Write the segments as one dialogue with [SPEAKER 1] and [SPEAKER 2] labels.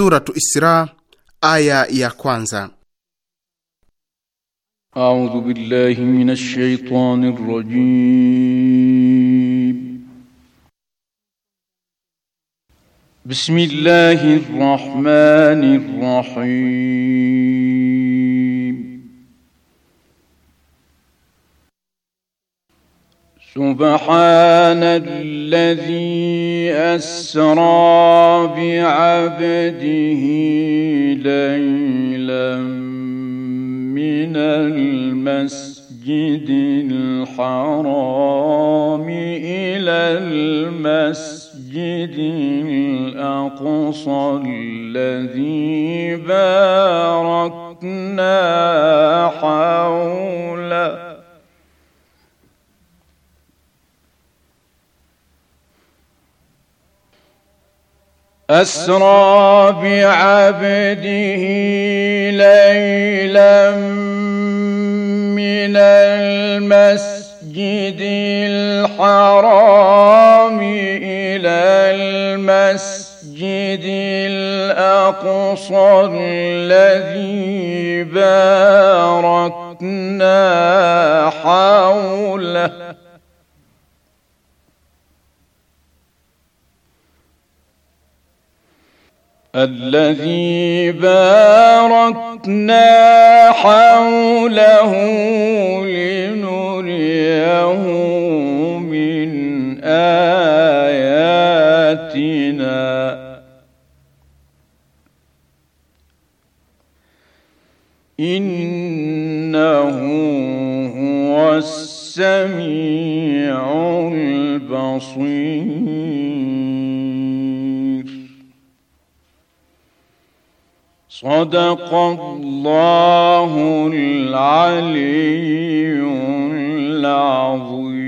[SPEAKER 1] Suratu Isra aya ya kwanza. A'udhu billahi minash shaitanir
[SPEAKER 2] rajim. Bismillahir rahmanir rahim سبحان الذي أسرى بعبده ليلا من المسجد الحرام إلى المسجد الأقصى الذي باركنا حوله أسرى بعبده ليلا من المسجد الحرام إلى المسجد الأقصى الذي باركنا حوله الذي باركنا حوله لنريه من اياتنا انه هو السميع البصير الله العلي
[SPEAKER 1] العظيم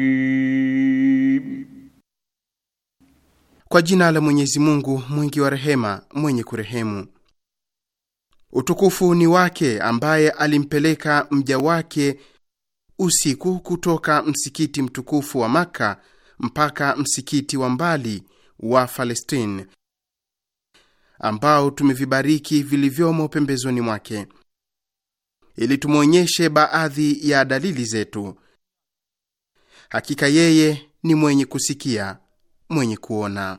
[SPEAKER 1] Kwa jina la Mwenyezi Mungu mwingi wa rehema mwenye kurehemu. Utukufu ni wake ambaye alimpeleka mja wake usiku kutoka msikiti mtukufu wa Makka mpaka msikiti wa mbali wa Palestine ambao tumevibariki vilivyomo pembezoni mwake ili tumwonyeshe baadhi ya dalili zetu. Hakika yeye ni mwenye kusikia, mwenye kuona.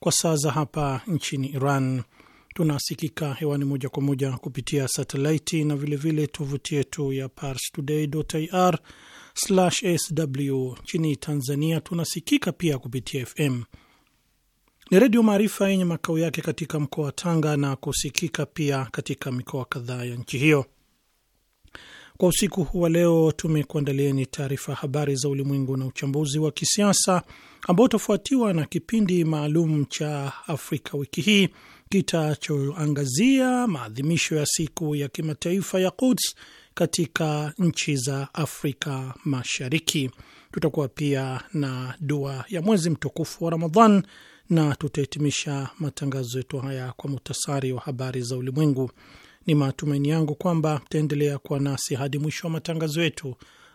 [SPEAKER 3] kwa saa za hapa nchini Iran. Tunasikika hewani moja kwa moja kupitia satelaiti na vilevile tovuti yetu ya parstoday.ir/sw. Nchini Tanzania tunasikika pia kupitia FM ni Redio Maarifa yenye makao yake katika mkoa wa Tanga na kusikika pia katika mikoa kadhaa ya nchi hiyo. Kwa usiku huu wa leo tumekuandalieni taarifa habari za ulimwengu na uchambuzi wa kisiasa ambao utafuatiwa na kipindi maalum cha Afrika wiki hii kitachoangazia maadhimisho ya siku ya kimataifa ya Quds katika nchi za Afrika Mashariki. Tutakuwa pia na dua ya mwezi mtukufu wa Ramadhan na tutahitimisha matangazo yetu haya kwa muhtasari wa habari za ulimwengu. Ni matumaini yangu kwamba mtaendelea kuwa nasi hadi mwisho wa matangazo yetu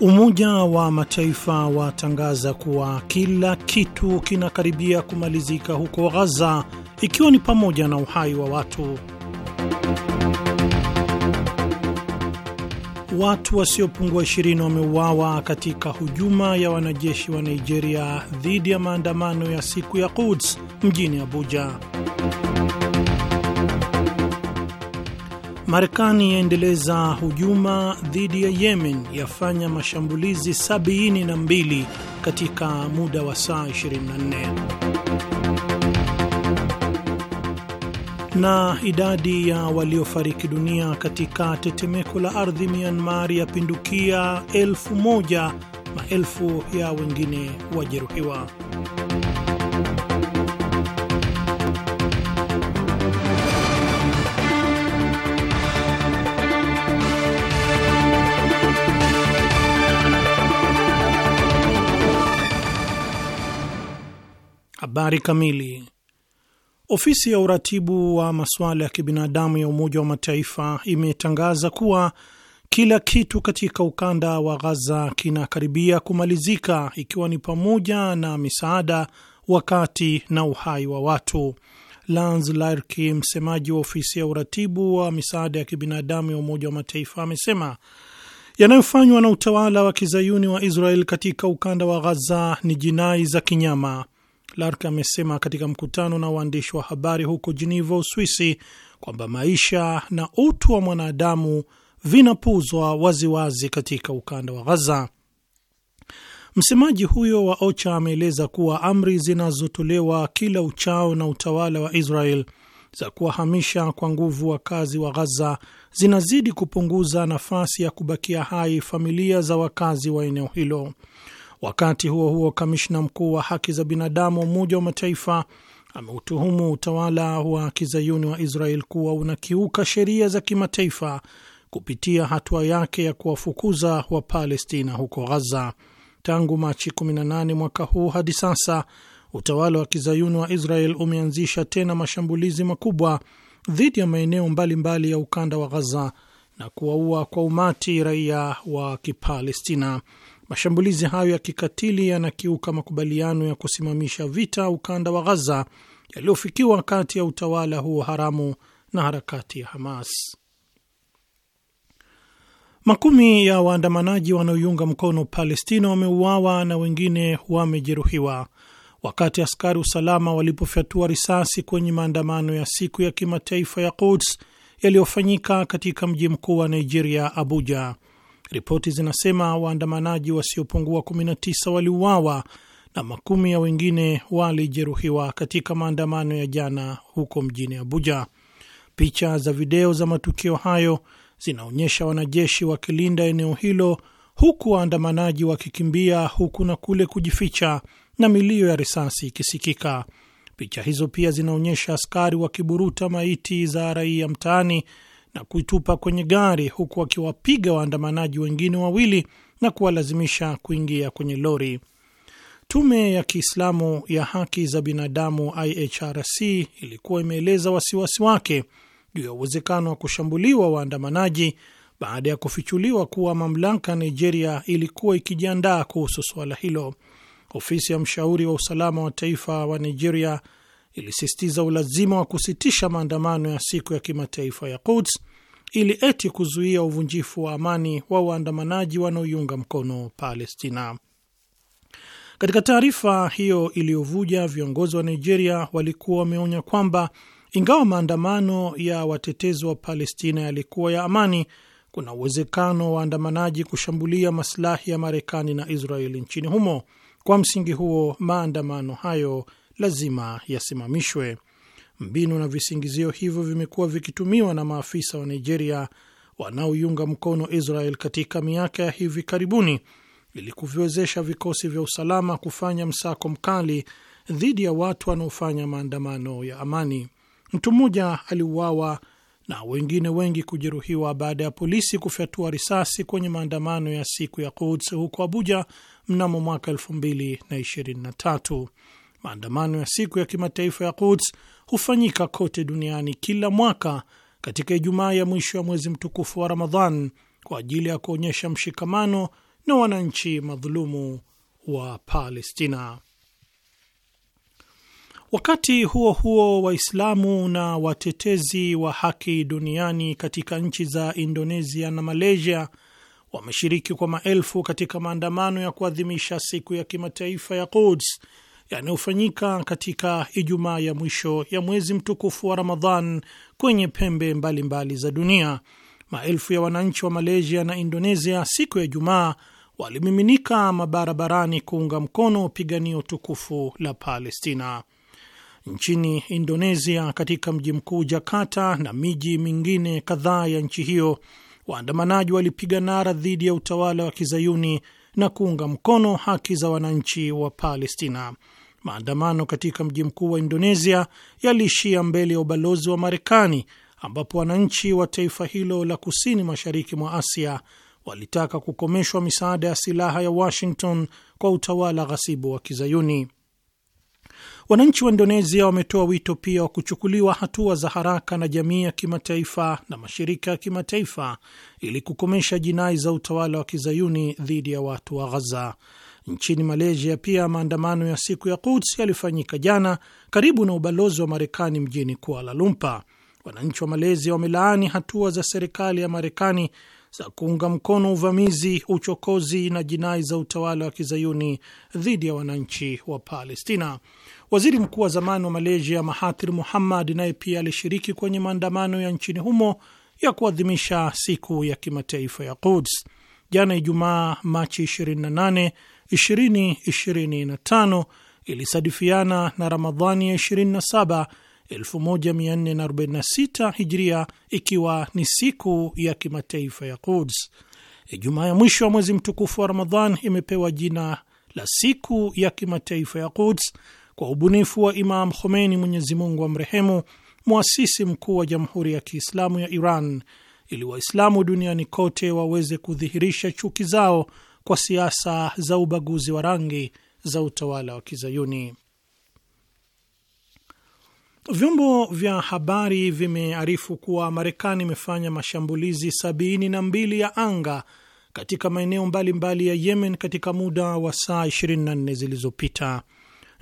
[SPEAKER 3] Umoja wa Mataifa watangaza kuwa kila kitu kinakaribia kumalizika huko Ghaza, ikiwa ni pamoja na uhai wa watu. Watu wasiopungua 20 wameuawa katika hujuma ya wanajeshi wa Nigeria dhidi ya maandamano ya siku ya Quds mjini Abuja. Marekani yaendeleza hujuma dhidi ya Yemen, yafanya mashambulizi 72 katika muda wa saa 24. Na idadi ya waliofariki dunia katika tetemeko la ardhi Myanmar yapindukia elfu moja, maelfu ya wengine wajeruhiwa. Habari kamili. Ofisi ya uratibu wa masuala ya kibinadamu ya Umoja wa Mataifa imetangaza kuwa kila kitu katika ukanda wa Ghaza kinakaribia kumalizika, ikiwa ni pamoja na misaada, wakati na uhai wa watu. Lance Larki, msemaji wa ofisi ya uratibu wa misaada ya kibinadamu ya Umoja wa Mataifa, amesema yanayofanywa na utawala wa kizayuni wa Israel katika ukanda wa Ghaza ni jinai za kinyama Clark amesema katika mkutano na waandishi wa habari huko Geneva, Uswisi, kwamba maisha na utu wa mwanadamu vinapuzwa waziwazi katika ukanda wa Ghaza. Msemaji huyo wa OCHA ameeleza kuwa amri zinazotolewa kila uchao na utawala wa Israel za kuwahamisha kwa nguvu wakazi wa Ghaza zinazidi kupunguza nafasi ya kubakia hai familia za wakazi wa eneo hilo. Wakati huo huo, kamishna mkuu wa haki za binadamu wa Umoja wa Mataifa ameutuhumu utawala wa kizayuni wa Israel kuwa unakiuka sheria za kimataifa kupitia hatua yake ya kuwafukuza Wapalestina huko Ghaza. Tangu Machi 18 mwaka huu hadi sasa utawala wa kizayuni wa Israel umeanzisha tena mashambulizi makubwa dhidi ya maeneo mbalimbali ya ukanda wa Ghaza na kuwaua kwa umati raia wa Kipalestina. Mashambulizi hayo ya kikatili yanakiuka makubaliano ya kusimamisha vita ukanda wa Ghaza yaliyofikiwa kati ya utawala huo haramu na harakati ya Hamas. Makumi ya waandamanaji wanaoiunga mkono Palestina wameuawa na wengine wamejeruhiwa wakati askari usalama walipofyatua risasi kwenye maandamano ya siku ya kimataifa ya Quds yaliyofanyika katika mji mkuu wa Nigeria, Abuja. Ripoti zinasema waandamanaji wasiopungua 19 waliuawa na makumi ya wengine walijeruhiwa katika maandamano ya jana huko mjini Abuja. Picha za video za matukio hayo zinaonyesha wanajeshi wakilinda eneo hilo huku waandamanaji wakikimbia huku na kule kujificha na milio ya risasi ikisikika. Picha hizo pia zinaonyesha askari wakiburuta maiti za raia mtaani na kuitupa kwenye gari huku akiwapiga waandamanaji wengine wawili na kuwalazimisha kuingia kwenye lori. Tume ya Kiislamu ya Haki za Binadamu IHRC ilikuwa imeeleza wasiwasi wake juu ya uwezekano wa kushambuliwa waandamanaji baada ya kufichuliwa kuwa mamlaka Nigeria ilikuwa ikijiandaa kuhusu suala hilo. Ofisi ya mshauri wa usalama wa taifa wa Nigeria ilisisitiza ulazima wa kusitisha maandamano ya siku ya kimataifa ya Quds ili eti kuzuia uvunjifu wa amani wa waandamanaji wanaoiunga mkono Palestina. Katika taarifa hiyo iliyovuja, viongozi wa Nigeria walikuwa wameonya kwamba ingawa maandamano ya watetezi wa Palestina yalikuwa ya amani, kuna uwezekano wa waandamanaji kushambulia masilahi ya Marekani na Israeli nchini humo. Kwa msingi huo, maandamano hayo lazima yasimamishwe. Mbinu na visingizio hivyo vimekuwa vikitumiwa na maafisa wa Nigeria wanaoiunga mkono Israel katika miaka ya hivi karibuni ili kuviwezesha vikosi vya usalama kufanya msako mkali dhidi ya watu wanaofanya maandamano ya amani. Mtu mmoja aliuawa na wengine wengi kujeruhiwa baada ya polisi kufyatua risasi kwenye maandamano ya siku ya Quds huko Abuja mnamo mwaka 2023. Maandamano ya siku ya kimataifa ya Quds hufanyika kote duniani kila mwaka katika Ijumaa ya mwisho ya mwezi mtukufu wa Ramadhan kwa ajili ya kuonyesha mshikamano na wananchi madhulumu wa Palestina. Wakati huo huo, Waislamu na watetezi wa haki duniani katika nchi za Indonesia na Malaysia wameshiriki kwa maelfu katika maandamano ya kuadhimisha siku ya kimataifa ya Quds yanayofanyika katika Ijumaa ya mwisho ya mwezi mtukufu wa Ramadhan kwenye pembe mbalimbali mbali za dunia. Maelfu ya wananchi wa Malaysia na Indonesia siku ya Ijumaa walimiminika mabarabarani kuunga mkono piganio tukufu la Palestina. Nchini Indonesia, katika mji mkuu Jakarta na miji mingine kadhaa ya nchi hiyo, waandamanaji walipiga nara dhidi ya utawala wa kizayuni na kuunga mkono haki za wananchi wa Palestina. Maandamano katika mji mkuu wa Indonesia yaliishia mbele ya ubalozi wa Marekani, ambapo wananchi wa taifa hilo la kusini mashariki mwa Asia walitaka kukomeshwa misaada ya silaha ya Washington kwa utawala ghasibu wa Kizayuni. Wananchi wa Indonesia wametoa wito pia wa kuchukuliwa hatua za haraka na jamii ya kimataifa na mashirika ya kimataifa ili kukomesha jinai za utawala wa Kizayuni dhidi ya watu wa Ghaza. Nchini Malaysia pia maandamano ya siku ya Quds yalifanyika jana karibu na ubalozi wa Marekani mjini Kuala Lumpur. Wananchi wa Malaysia wamelaani hatua za serikali ya Marekani za kuunga mkono uvamizi, uchokozi na jinai za utawala wa kizayuni dhidi ya wananchi wa Palestina. Waziri mkuu wa zamani wa Malaysia Mahathir Muhammad naye pia alishiriki kwenye maandamano ya nchini humo ya kuadhimisha siku ya kimataifa ya Quds. Jana Ijumaa, Machi 28 2025 ilisadifiana na Ramadhani ya 27 1446 Hijria, ikiwa ni siku ya kimataifa ya Quds. Ijumaa ya mwisho wa mwezi mtukufu wa Ramadhan imepewa jina la siku ya kimataifa ya Quds kwa ubunifu wa Imam Khomeini, Mwenyezi Mungu amrehemu, mwasisi mkuu wa Jamhuri ya Kiislamu ya Iran, ili Waislamu duniani kote waweze kudhihirisha chuki zao kwa siasa za ubaguzi wa rangi za utawala wa Kizayuni. Vyombo vya habari vimearifu kuwa Marekani imefanya mashambulizi sabini na mbili ya anga katika maeneo mbalimbali ya Yemen katika muda wa saa 24 zilizopita.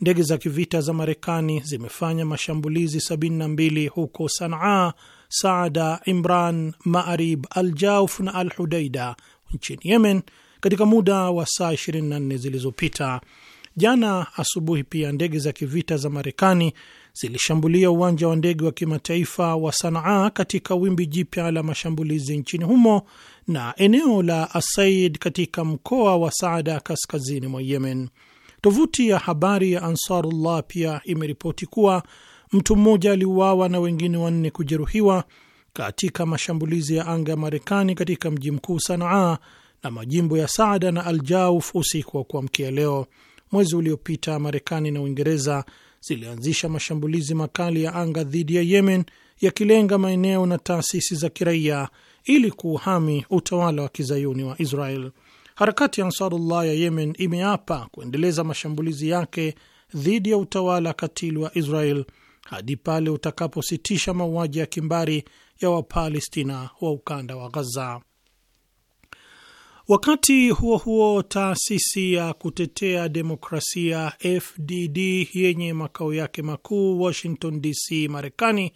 [SPEAKER 3] Ndege za kivita za Marekani zimefanya mashambulizi 72 huko Sanaa, Saada, Imran, Maarib, Aljauf na Al Hudaida nchini Yemen katika muda wa saa 24 zilizopita. Jana asubuhi pia ndege za kivita za Marekani zilishambulia uwanja wa ndege wa kimataifa wa Sanaa katika wimbi jipya la mashambulizi nchini humo na eneo la Asaid katika mkoa wa Saada kaskazini mwa Yemen. Tovuti ya habari ya Ansarullah pia imeripoti kuwa mtu mmoja aliuawa na wengine wanne kujeruhiwa katika mashambulizi ya anga ya Marekani katika mji mkuu Sanaa na majimbo ya Saada na Aljauf usiku wa kuamkia leo. Mwezi uliopita, Marekani na Uingereza zilianzisha mashambulizi makali ya anga dhidi ya Yemen, yakilenga maeneo na taasisi za kiraia ili kuuhami utawala wa kizayuni wa Israel. Harakati ya Ansarullah ya Yemen imeapa kuendeleza mashambulizi yake dhidi ya utawala katili wa Israel hadi pale utakapositisha mauaji ya kimbari ya Wapalestina wa ukanda wa Ghaza. Wakati huo huo, taasisi ya kutetea demokrasia FDD yenye makao yake makuu Washington DC, Marekani,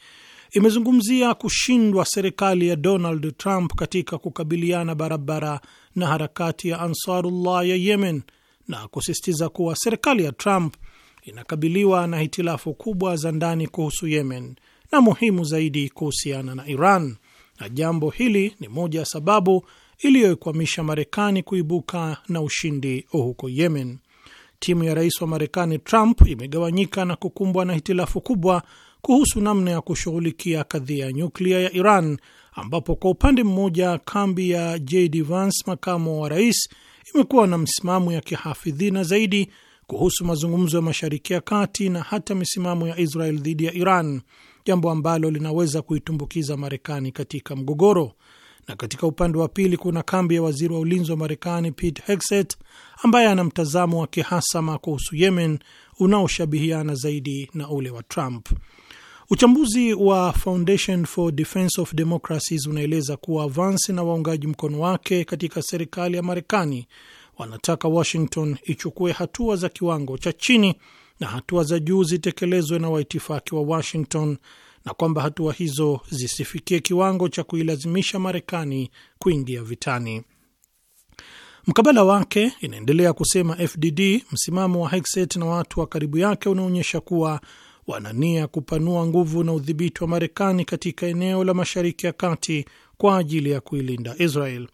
[SPEAKER 3] imezungumzia kushindwa serikali ya Donald Trump katika kukabiliana barabara na harakati ya Ansarullah ya Yemen na kusisitiza kuwa serikali ya Trump inakabiliwa na hitilafu kubwa za ndani kuhusu Yemen na muhimu zaidi kuhusiana na Iran, na jambo hili ni moja ya sababu iliyoikwamisha Marekani kuibuka na ushindi huko Yemen. Timu ya rais wa Marekani Trump imegawanyika na kukumbwa na hitilafu kubwa kuhusu namna ya kushughulikia kadhia ya nyuklia ya Iran, ambapo kwa upande mmoja kambi ya JD Vance, makamo wa rais, imekuwa na msimamo ya kihafidhina zaidi kuhusu mazungumzo ya Mashariki ya Kati na hata misimamo ya Israel dhidi ya Iran, jambo ambalo linaweza kuitumbukiza Marekani katika mgogoro na katika upande wa pili kuna kambi ya waziri wa ulinzi wa Marekani Pete Hegseth ambaye ana mtazamo wa kihasama kuhusu Yemen unaoshabihiana zaidi na ule wa Trump. Uchambuzi wa Foundation for Defense of Democracies unaeleza kuwa Vance na waungaji mkono wake katika serikali ya Marekani wanataka Washington ichukue hatua za kiwango cha chini na hatua za juu zitekelezwe na waitifaki wa Washington na kwamba hatua hizo zisifikie kiwango cha kuilazimisha Marekani kuingia vitani. Mkabala wake, inaendelea kusema FDD, msimamo wa Hexet na watu wa karibu yake unaonyesha kuwa wanania kupanua nguvu na udhibiti wa Marekani katika eneo la Mashariki ya Kati kwa ajili ya kuilinda Israel.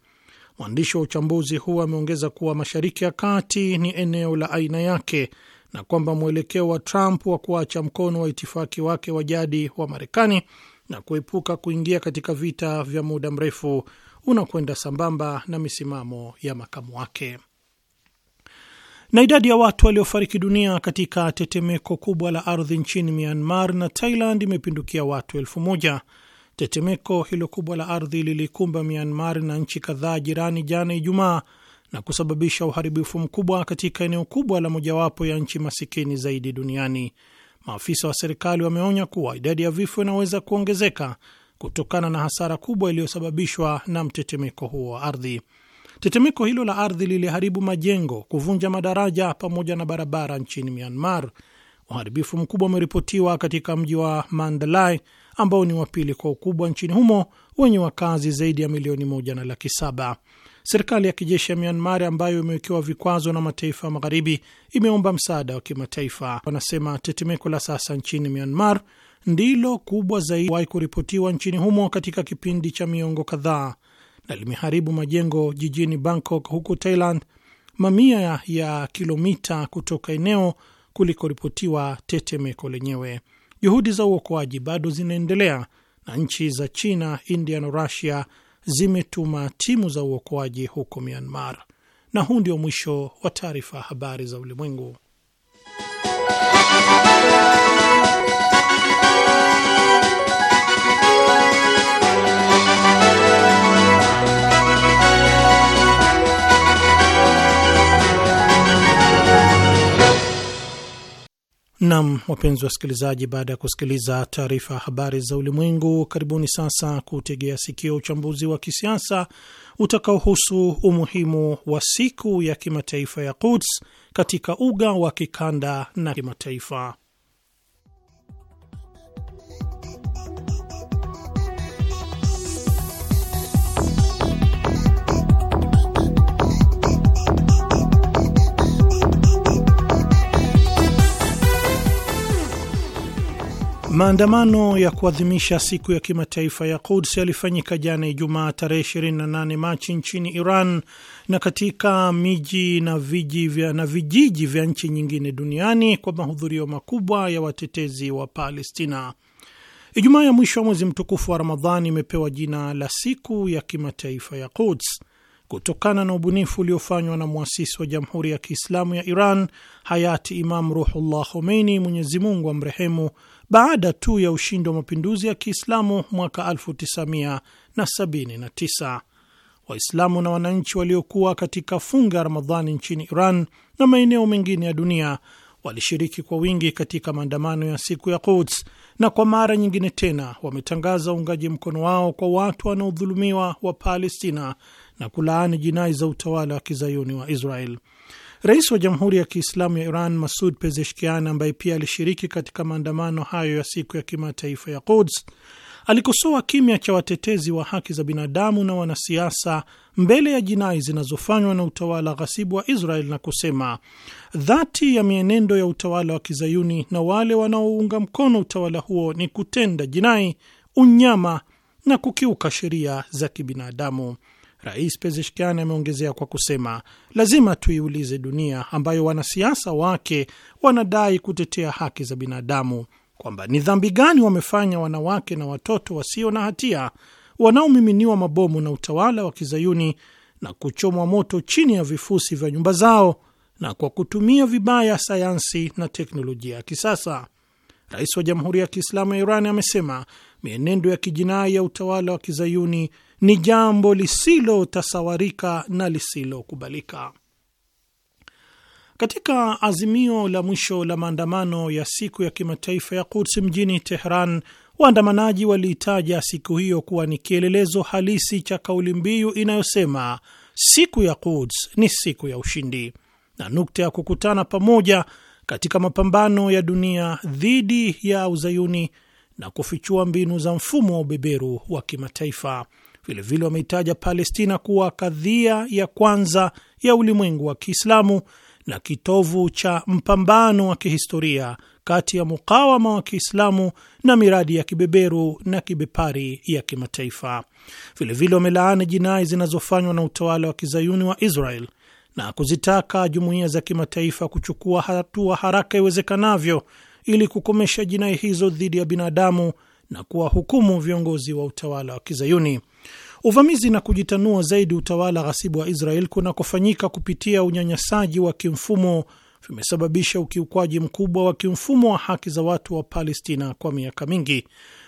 [SPEAKER 3] Mwandishi wa uchambuzi huu ameongeza kuwa Mashariki ya Kati ni eneo la aina yake na kwamba mwelekeo wa Trump wa kuacha mkono wa itifaki wake wa jadi wa Marekani na kuepuka kuingia katika vita vya muda mrefu unakwenda sambamba na misimamo ya makamu wake. Na idadi ya watu waliofariki dunia katika tetemeko kubwa la ardhi nchini Myanmar na Thailand imepindukia watu elfu moja. Tetemeko hilo kubwa la ardhi lilikumba Myanmar na nchi kadhaa jirani jana Ijumaa na kusababisha uharibifu mkubwa katika eneo kubwa la mojawapo ya nchi masikini zaidi duniani. Maafisa wa serikali wameonya kuwa idadi ya vifo inaweza kuongezeka kutokana na hasara kubwa iliyosababishwa na mtetemeko huo wa ardhi. Tetemeko hilo la ardhi liliharibu majengo, kuvunja madaraja pamoja na barabara nchini Myanmar. Uharibifu mkubwa umeripotiwa katika mji wa Mandalay ambao ni wa pili kwa ukubwa nchini humo wenye wakazi zaidi ya milioni moja na laki saba. Serikali ya kijeshi ya Myanmar ambayo imewekewa vikwazo na mataifa magharibi imeomba msaada wa kimataifa. Wanasema tetemeko la sasa nchini Myanmar ndilo kubwa zaidi wahi kuripotiwa nchini humo katika kipindi cha miongo kadhaa na limeharibu majengo jijini Bangkok huku Thailand, mamia ya kilomita kutoka eneo kulikoripotiwa tetemeko lenyewe. Juhudi za uokoaji bado zinaendelea na nchi za China, India na Rusia zimetuma timu za uokoaji huko Myanmar. Na huu ndio mwisho wa taarifa ya habari za ulimwengu. Nam, wapenzi wasikilizaji, baada ya kusikiliza taarifa ya habari za ulimwengu, karibuni sasa kutegea sikio uchambuzi wa kisiasa utakaohusu umuhimu wa siku ya kimataifa ya Quds katika uga wa kikanda na kimataifa. Maandamano ya kuadhimisha siku ya kimataifa ya Quds yalifanyika jana Ijumaa tarehe 28 Machi nchini Iran na katika miji na, viji vya, na vijiji vya nchi nyingine duniani kwa mahudhurio makubwa ya watetezi wa Palestina. Ijumaa ya mwisho wa mwezi mtukufu wa Ramadhani imepewa jina la siku ya kimataifa ya Quds kutokana na ubunifu uliofanywa na mwasisi wa Jamhuri ya Kiislamu ya Iran hayati Imam Ruhullah Khomeini, Mwenyezi Mungu amrehemu baada tu ya ushindi wa mapinduzi ya Kiislamu mwaka 1979. Waislamu na wananchi waliokuwa katika funga ya Ramadhani nchini Iran na maeneo mengine ya dunia walishiriki kwa wingi katika maandamano ya siku ya Quds na kwa mara nyingine tena wametangaza uungaji mkono wao kwa watu wanaodhulumiwa wa Palestina na kulaani jinai za utawala wa kizayuni wa Israel. Rais wa Jamhuri ya Kiislamu ya Iran Masud Pezeshkian, ambaye pia alishiriki katika maandamano hayo ya siku ya kimataifa ya Quds, alikosoa kimya cha watetezi wa haki za binadamu na wanasiasa mbele ya jinai zinazofanywa na utawala ghasibu wa Israel na kusema dhati ya mienendo ya utawala wa kizayuni na wale wanaounga mkono utawala huo ni kutenda jinai, unyama na kukiuka sheria za kibinadamu. Rais Pezeshkian ameongezea kwa kusema, lazima tuiulize dunia ambayo wanasiasa wake wanadai kutetea haki za binadamu kwamba ni dhambi gani wamefanya wanawake na watoto wasio na hatia wanaomiminiwa mabomu na utawala wa kizayuni na kuchomwa moto chini ya vifusi vya nyumba zao na kwa kutumia vibaya sayansi na teknolojia ya kisasa. Rais wa Jamhuri ya Kiislamu ya Iran amesema mienendo ya kijinai ya utawala wa kizayuni ni jambo lisilotasawarika na lisilokubalika. Katika azimio la mwisho la maandamano ya siku ya kimataifa ya Quds mjini Tehran, waandamanaji waliitaja siku hiyo kuwa ni kielelezo halisi cha kauli mbiu inayosema siku ya Quds ni siku ya ushindi na nukta ya kukutana pamoja katika mapambano ya dunia dhidi ya uzayuni na kufichua mbinu za mfumo wa ubeberu wa kimataifa. Vilevile wameitaja Palestina kuwa kadhia ya kwanza ya ulimwengu wa Kiislamu na kitovu cha mpambano wa kihistoria kati ya mukawama wa Kiislamu na miradi ya kibeberu na kibepari ya kimataifa. Vilevile wamelaani jinai zinazofanywa na utawala wa kizayuni wa Israel na kuzitaka jumuiya za kimataifa kuchukua hatua haraka iwezekanavyo ili kukomesha jinai hizo dhidi ya binadamu na kuwahukumu viongozi wa utawala wa kizayuni. Uvamizi na kujitanua zaidi utawala ghasibu wa Israel kunakofanyika kupitia unyanyasaji wa kimfumo vimesababisha ukiukwaji mkubwa wa kimfumo wa haki za watu wa Palestina kwa miaka mingi.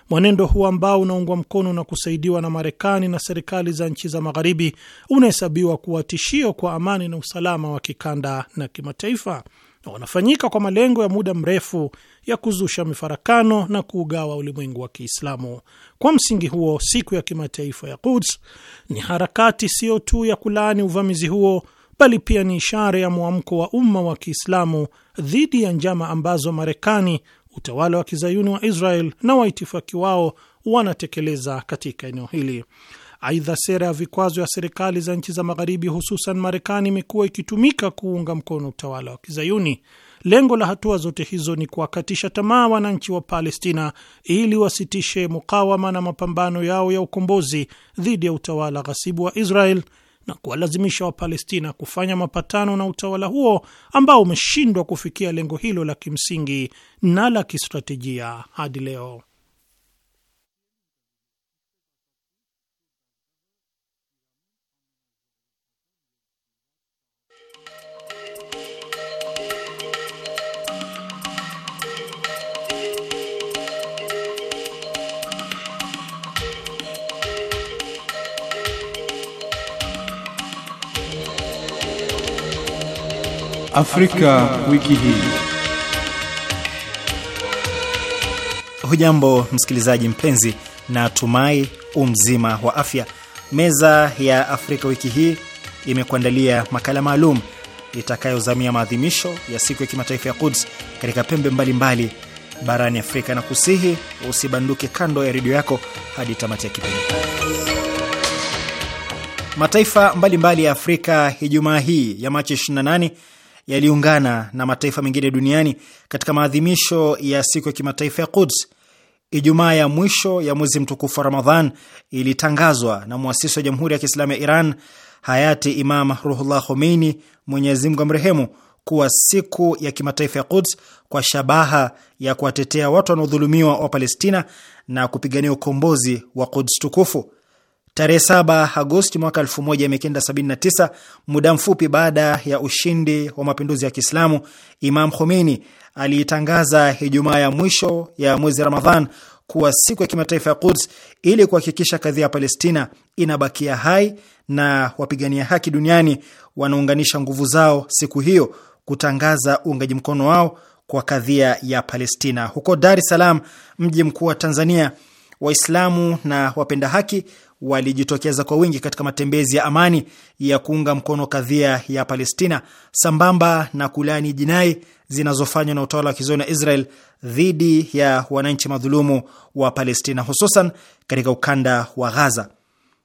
[SPEAKER 3] Mwenendo huu ambao unaungwa mkono na kusaidiwa na Marekani na serikali za nchi za Magharibi unahesabiwa kuwa tishio kwa amani na usalama wa kikanda na kimataifa na wanafanyika kwa malengo ya muda mrefu ya kuzusha mifarakano na kuugawa ulimwengu wa Kiislamu. Kwa msingi huo, siku ya kimataifa ya Quds ni harakati siyo tu ya kulaani uvamizi huo, bali pia ni ishara ya mwamko wa umma wa Kiislamu dhidi ya njama ambazo Marekani, utawala wa kizayuni wa Israel na waitifaki wao wanatekeleza katika eneo hili. Aidha, sera ya vikwazo ya serikali za nchi za Magharibi, hususan Marekani, imekuwa ikitumika kuunga mkono utawala wa Kizayuni. Lengo la hatua zote hizo ni kuwakatisha tamaa wananchi wa Palestina ili wasitishe mukawama na mapambano yao ya ukombozi dhidi ya utawala ghasibu wa Israel na kuwalazimisha Wapalestina kufanya mapatano na utawala huo ambao umeshindwa kufikia lengo hilo la kimsingi na la kistratejia hadi leo.
[SPEAKER 4] Afrika wiki hii. Hujambo msikilizaji mpenzi, na tumai umzima wa afya. Meza ya Afrika wiki hii imekuandalia makala maalum itakayozamia maadhimisho ya siku ya kimataifa ya Quds katika pembe mbalimbali mbali barani Afrika, na kusihi usibanduke kando ya redio yako hadi tamati ya kipindi. Mataifa mbalimbali mbali ya Afrika Ijumaa hii ya Machi 28 yaliungana na mataifa mengine duniani katika maadhimisho ya siku ya kimataifa ya Quds. Ijumaa ya mwisho ya mwezi mtukufu wa Ramadhan ilitangazwa na mwasisi wa Jamhuri ya Kiislamu ya Iran hayati Imam Ruhullah Khomeini, Mwenyezi Mungu amrehemu, kuwa siku ya kimataifa ya Quds kwa shabaha ya kuwatetea watu wanaodhulumiwa wa Palestina na kupigania ukombozi wa Quds tukufu. Tarehe 7 Agosti mwaka 1979, muda mfupi baada ya ushindi wa mapinduzi ya Kiislamu, Imam Khomeini aliitangaza Ijumaa ya mwisho ya mwezi Ramadhan kuwa siku ya kimataifa ya Quds ili kuhakikisha kadhia ya Palestina inabakia hai na wapigania haki duniani wanaunganisha nguvu zao siku hiyo kutangaza uungaji mkono wao kwa kadhia ya Palestina. Huko Dar es Salaam, mji mkuu wa Tanzania, Waislamu na wapenda haki walijitokeza kwa wingi katika matembezi ya amani ya kuunga mkono kadhia ya Palestina sambamba na kulani jinai zinazofanywa na utawala wa kizoni wa Israel dhidi ya wananchi madhulumu wa Palestina, hususan katika ukanda wa Ghaza.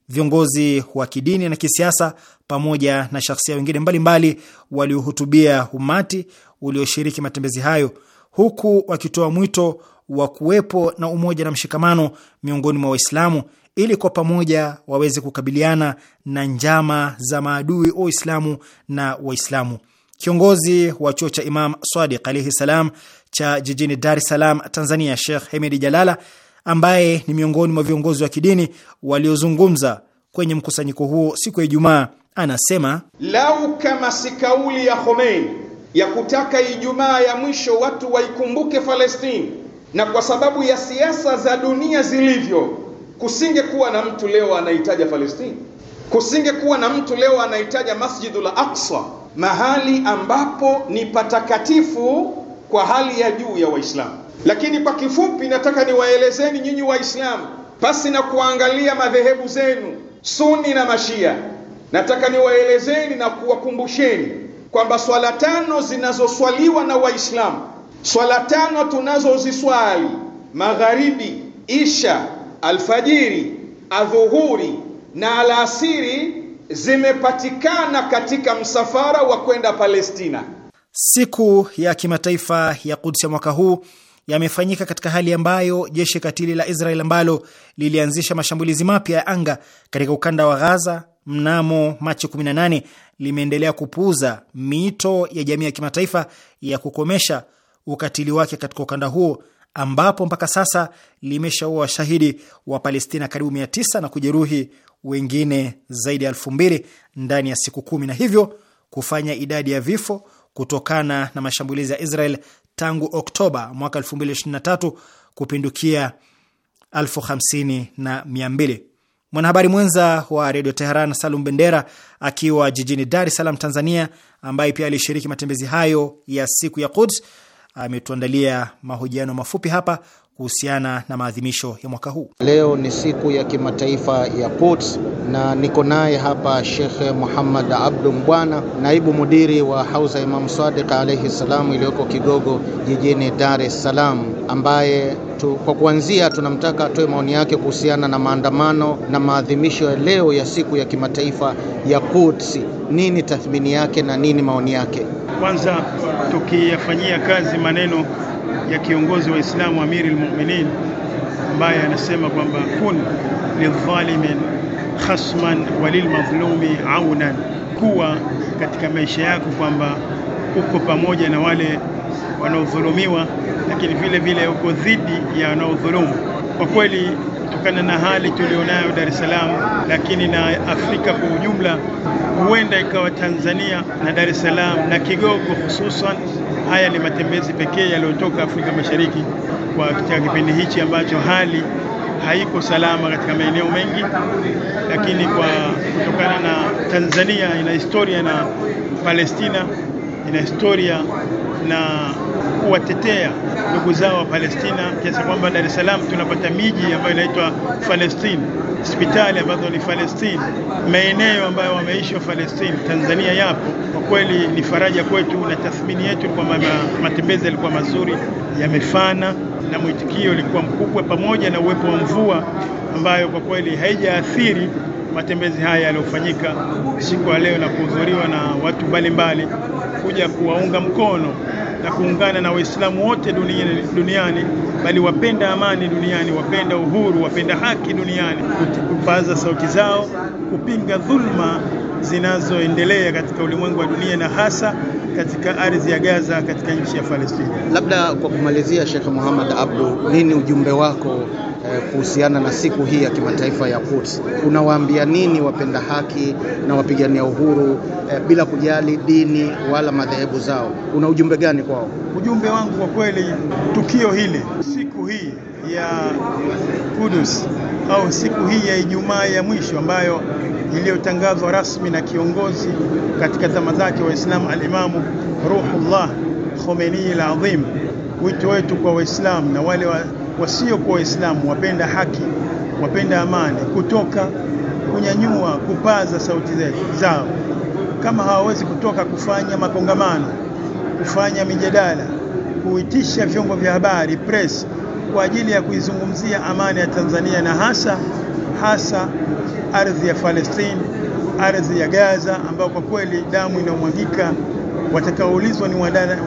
[SPEAKER 4] Viongozi wa kidini na kisiasa pamoja na shahsia wengine mbalimbali waliohutubia umati ulioshiriki matembezi hayo, huku wakitoa mwito wa kuwepo na umoja na mshikamano miongoni mwa Waislamu ili kwa pamoja waweze kukabiliana na njama za maadui wa Uislamu na Waislamu. Kiongozi wa chuo cha Imam Sadiq alaihi salam cha jijini Dar es Salaam, Tanzania, Sheikh hemidi Jalala, ambaye ni miongoni mwa viongozi wa kidini waliozungumza kwenye mkusanyiko huo siku ya Ijumaa, anasema
[SPEAKER 5] lau kama si kauli ya Khomeini ya kutaka Ijumaa ya mwisho watu waikumbuke Palestini, na kwa sababu ya siasa za dunia zilivyo Kusingekuwa na mtu leo anahitaja Palestini, kusingekuwa na mtu leo anahitaja Masjidul Aqsa, mahali ambapo ni patakatifu kwa hali ya juu ya Waislamu. Lakini kwa kifupi, nataka niwaelezeni nyinyi Waislamu, pasi na kuangalia madhehebu zenu Suni na Mashia, nataka niwaelezeni na kuwakumbusheni kwamba swala tano zinazoswaliwa na Waislamu, swala tano tunazoziswali magharibi, isha alfajiri, adhuhuri na alasiri zimepatikana katika msafara wa kwenda Palestina.
[SPEAKER 4] Siku ya kimataifa ya Kudus ya mwaka huu yamefanyika katika hali ambayo jeshi katili la Israel ambalo lilianzisha mashambulizi mapya ya anga katika ukanda wa Ghaza mnamo Machi 18 limeendelea kupuuza miito ya jamii ya kimataifa ya kukomesha ukatili wake katika ukanda huo ambapo mpaka sasa limeshaua washahidi wa Palestina karibu 900 na kujeruhi wengine zaidi ya elfu mbili ndani ya siku kumi na hivyo kufanya idadi ya vifo kutokana na mashambulizi ya Israel tangu Oktoba mwaka 2023 kupindukia elfu hamsini na mia mbili. Mwanahabari mwenza wa redio Teheran Salum Bendera akiwa jijini Dar es Salaam, Tanzania, ambaye pia alishiriki matembezi hayo ya siku ya Quds ametuandalia mahojiano mafupi hapa kuhusiana na maadhimisho ya mwaka huu.
[SPEAKER 1] Leo ni siku ya kimataifa ya Quds na niko naye hapa Shekhe Muhammad Abdu Mbwana, naibu mudiri wa hauza Imamu Sadiq alaihi ssalam iliyoko Kigogo jijini Dar es Salaam, ambaye tu, kwa kuanzia tunamtaka atoe maoni yake kuhusiana na maandamano na maadhimisho ya leo ya siku ya kimataifa ya Quds. Nini tathmini yake na nini maoni yake?
[SPEAKER 6] Kwanza tukiyafanyia kazi maneno ya kiongozi wa Uislamu Amiri al-Mu'minin ambaye anasema kwamba kun lidhalimin khasman walilmadhlumi aunan, kuwa katika maisha yako kwamba uko pamoja na wale wanaodhulumiwa, lakini vile vile uko dhidi ya wanaodhulumu. Kwa kweli kutokana na hali tulionayo Dar es Salaam, lakini na Afrika kwa ujumla, huenda ikawa Tanzania na Dar es Salaam na Kigogo hususan, haya ni matembezi pekee yaliyotoka Afrika Mashariki kwa kipindi hichi ambacho hali haiko salama katika maeneo mengi, lakini kwa kutokana na Tanzania ina historia na Palestina ina historia na kuwatetea ndugu zao wa Palestina, kiasi kwamba Dar es Salaam tunapata miji ambayo inaitwa Palestine, hospitali ambazo ni Palestine, maeneo ambayo wameishi wa Palestine. Tanzania yapo kwa kweli, ni faraja kwetu, na tathmini yetu kwamba matembezi yalikuwa mazuri, yamefana na mwitikio ulikuwa mkubwa, pamoja na uwepo wa mvua ambayo kwa kweli haijaathiri matembezi haya yaliyofanyika siku ya leo na kuhudhuriwa na watu mbalimbali kuja kuwaunga mkono na kuungana na Waislamu wote duniani, duniani bali wapenda amani duniani, wapenda uhuru, wapenda haki duniani, kupaza sauti zao kupinga dhulma zinazoendelea katika ulimwengu wa dunia na hasa katika ardhi ya Gaza katika nchi ya Palestina. Labda kwa kumalizia, Sheikh Muhammad Abdu, nini ujumbe wako
[SPEAKER 1] eh, kuhusiana na siku hii ya kimataifa ya Quds? Unawaambia nini wapenda haki na wapigania uhuru eh, bila kujali dini wala madhehebu zao? Una ujumbe gani kwao?
[SPEAKER 6] Ujumbe wangu kwa kweli, tukio hili, siku hii ya Quds au siku hii ya Ijumaa ya mwisho ambayo iliyotangazwa rasmi na kiongozi katika zama zake Waislamu alimamu Ruhullah Khomeini al azim Wito wetu kwa Waislamu na wale wa, wasiokuwa Waislamu, wapenda haki, wapenda amani, kutoka kunyanyua, kupaza sauti zao. Kama hawawezi kutoka, kufanya makongamano, kufanya mijadala, kuitisha vyombo vya habari press, kwa ajili ya kuizungumzia amani ya Tanzania na hasa hasa ardhi ya Palestine, ardhi ya Gaza, ambayo kwa kweli damu inamwagika. Watakaoulizwa ni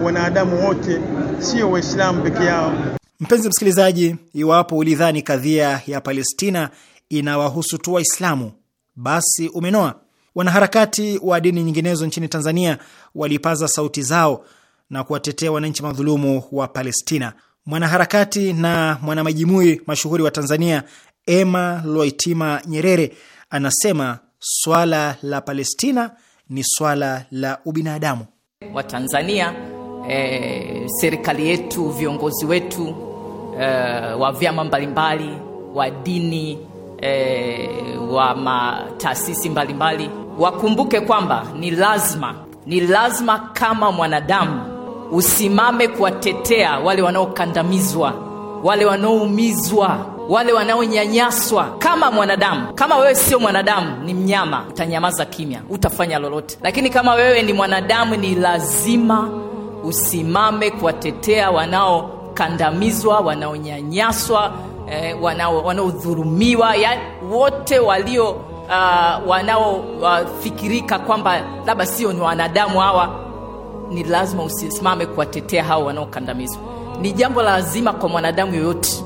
[SPEAKER 6] wanadamu wote, sio Waislamu peke yao. Mpenzi msikilizaji, iwapo
[SPEAKER 4] ulidhani kadhia ya Palestina inawahusu tu Waislamu, basi umenoa. Wanaharakati wa dini nyinginezo nchini Tanzania walipaza sauti zao na kuwatetea wananchi madhulumu wa Palestina. Mwanaharakati na mwanamajimui mashuhuri wa Tanzania Emma Loitima Nyerere anasema swala la Palestina ni swala la ubinadamu
[SPEAKER 7] wa Tanzania. Eh,
[SPEAKER 4] serikali yetu, viongozi wetu
[SPEAKER 7] eh, wa vyama mbalimbali, wa dini eh, wa mataasisi mbalimbali wakumbuke kwamba ni lazima, ni lazima kama mwanadamu usimame kuwatetea wale wanaokandamizwa, wale wanaoumizwa wale wanaonyanyaswa kama mwanadamu. Kama wewe sio mwanadamu, ni mnyama, utanyamaza kimya, utafanya lolote. Lakini kama wewe ni mwanadamu, ni lazima usimame kuwatetea wanaokandamizwa, wanaonyanyaswa, eh, wanaodhurumiwa, yani wote walio uh, wanaofikirika uh, kwamba labda sio ni wanadamu hawa, ni lazima usimame kuwatetea hao wanaokandamizwa. Ni jambo la lazima kwa mwanadamu yoyote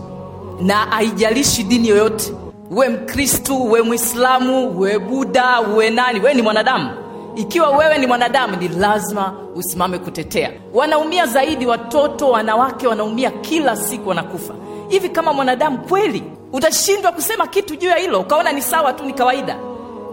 [SPEAKER 7] na haijalishi dini yoyote, uwe Mkristu, uwe Mwislamu, uwe Buda, uwe nani, wewe ni mwanadamu. Ikiwa wewe ni mwanadamu, ni lazima usimame kutetea. Wanaumia zaidi watoto, wanawake wanaumia kila siku, wanakufa hivi. Kama mwanadamu kweli utashindwa kusema kitu juu ya hilo, ukaona ni sawa tu, ni kawaida?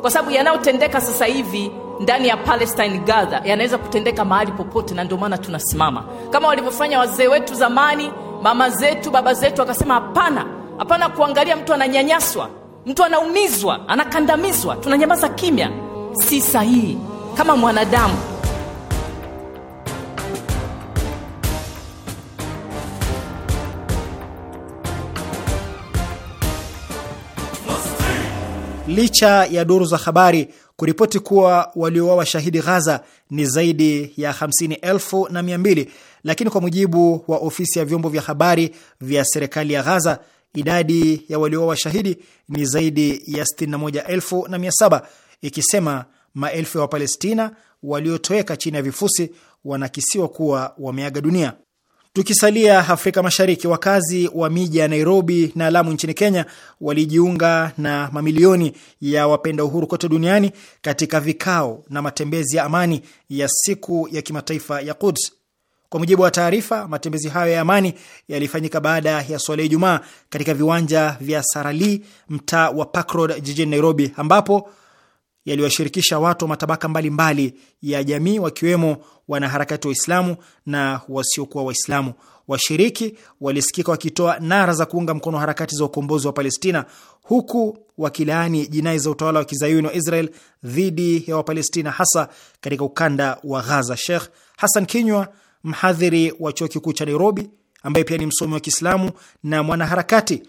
[SPEAKER 7] Kwa sababu yanayotendeka sasa hivi ndani ya Palestine Gaza yanaweza kutendeka mahali popote, na ndio maana tunasimama kama walivyofanya wazee wetu zamani mama zetu baba zetu akasema hapana hapana kuangalia mtu ananyanyaswa mtu anaumizwa anakandamizwa tunanyamaza kimya si sahihi kama mwanadamu
[SPEAKER 4] licha ya duru za habari kuripoti kuwa waliouawa shahidi Ghaza ni zaidi ya 50,200 lakini kwa mujibu wa ofisi ya vyombo vya habari vya serikali ya Ghaza, idadi ya walioa washahidi ni zaidi ya 61,700 ikisema maelfu ya Wapalestina waliotoweka chini ya vifusi wanakisiwa kuwa wameaga dunia. Tukisalia Afrika Mashariki, wakazi wa miji ya Nairobi na Lamu nchini Kenya walijiunga na mamilioni ya wapenda uhuru kote duniani katika vikao na matembezi ya amani ya siku ya kimataifa ya Quds. Kwa mujibu wa taarifa, matembezi hayo ya amani yalifanyika baada ya swala ya Ijumaa katika viwanja vya Sarali, mtaa wa Park Road jijini Nairobi, ambapo yaliwashirikisha watu wa matabaka mbalimbali mbali ya jamii wakiwemo wanaharakati Waislamu na wasiokuwa Waislamu. Washiriki walisikika wakitoa nara za kuunga mkono harakati za ukombozi wa Palestina huku wakilaani jinai za utawala wa kizayuni wa Israel dhidi ya Wapalestina hasa katika ukanda wa Ghaza. Sheikh Hassan Kinywa mhadhiri wa chuo kikuu cha Nairobi ambaye pia ni msomi wa Kiislamu na mwanaharakati,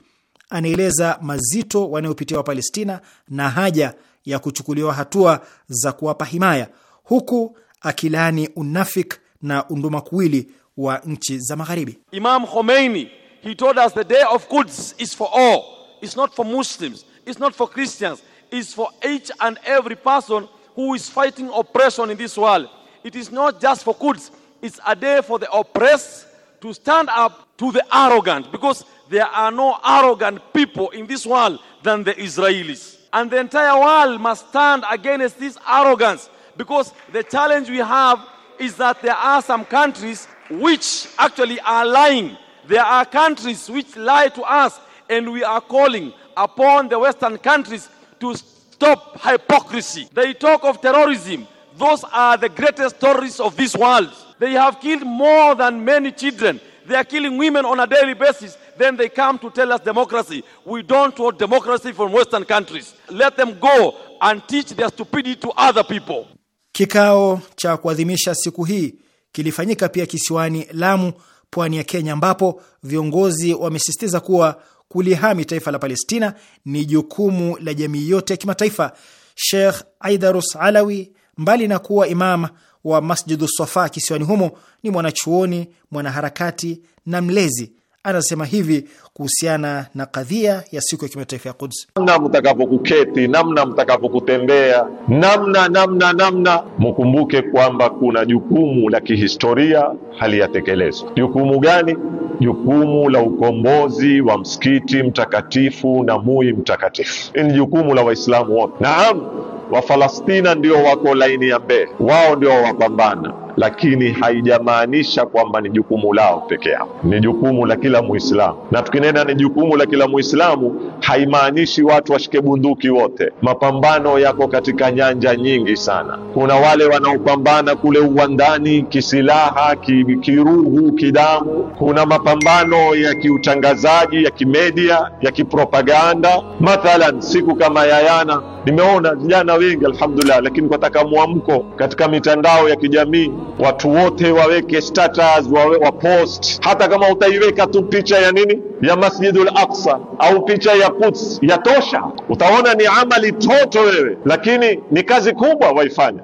[SPEAKER 4] anaeleza mazito wanayopitia Wapalestina na haja ya kuchukuliwa hatua za kuwapa himaya, huku akilani unafik na unduma kuwili wa nchi za Magharibi.
[SPEAKER 8] Imam Khomeini he told us the day of goods is for all, it's not for Muslims, it's not for Christians, it's for each and every person who is fighting oppression in this world. It is not just for goods, It's a day for the oppressed to stand up to the arrogant because there are no arrogant people in this world than the Israelis. And the entire world must stand against this arrogance because the challenge we have is that there are some countries which actually are lying. There are countries which lie to us, and we are calling upon the Western countries to stop hypocrisy. They talk of terrorism, those are the greatest terrorists of this world. They have killed more than many children. They are killing women on a daily basis. Then they come to tell us democracy. We don't want democracy from Western countries. Let them go and teach their stupidity
[SPEAKER 4] to other people. Kikao cha kuadhimisha siku hii kilifanyika pia kisiwani Lamu, pwani ya Kenya, ambapo viongozi wamesisitiza kuwa kulihami taifa la Palestina ni jukumu la jamii yote ya kimataifa. Sheikh Aidarus Alawi, mbali na kuwa imama wa Masjidu Safa kisiwani humo ni mwanachuoni, mwanaharakati na mlezi. Anasema hivi kuhusiana na kadhia ya siku ya kimataifa ya Quds:
[SPEAKER 9] namna mtakapokuketi, namna mtakapokutembea, namna namna namna, mukumbuke kwamba kuna jukumu la kihistoria haliyatekelezwa. Jukumu gani? Jukumu la ukombozi wa msikiti mtakatifu na mui mtakatifu. Ni jukumu la Waislamu wote. Naam. Wafalastina ndio wako laini ya mbele, wao ndio wapambana, lakini haijamaanisha kwamba ni jukumu lao peke yao, ni jukumu la kila Muislamu. Na tukinena ni jukumu la kila Muislamu, haimaanishi watu washike bunduki wote. Mapambano yako katika nyanja nyingi sana. Kuna wale wanaopambana kule uwandani kisilaha, kiruhu, kidamu. Kuna mapambano ya kiutangazaji, ya kimedia, ya kipropaganda. Mathalan, siku kama yayana Nimeona vijana wengi alhamdulillah, lakini kwataka mwamko katika mitandao ya kijamii, watu wote waweke status, wawe, wapost. Hata kama utaiweka tu picha ya nini ya Masjidul Aqsa au picha ya Quds tosha utaona ni amali toto wewe, lakini ni kazi kubwa waifanya.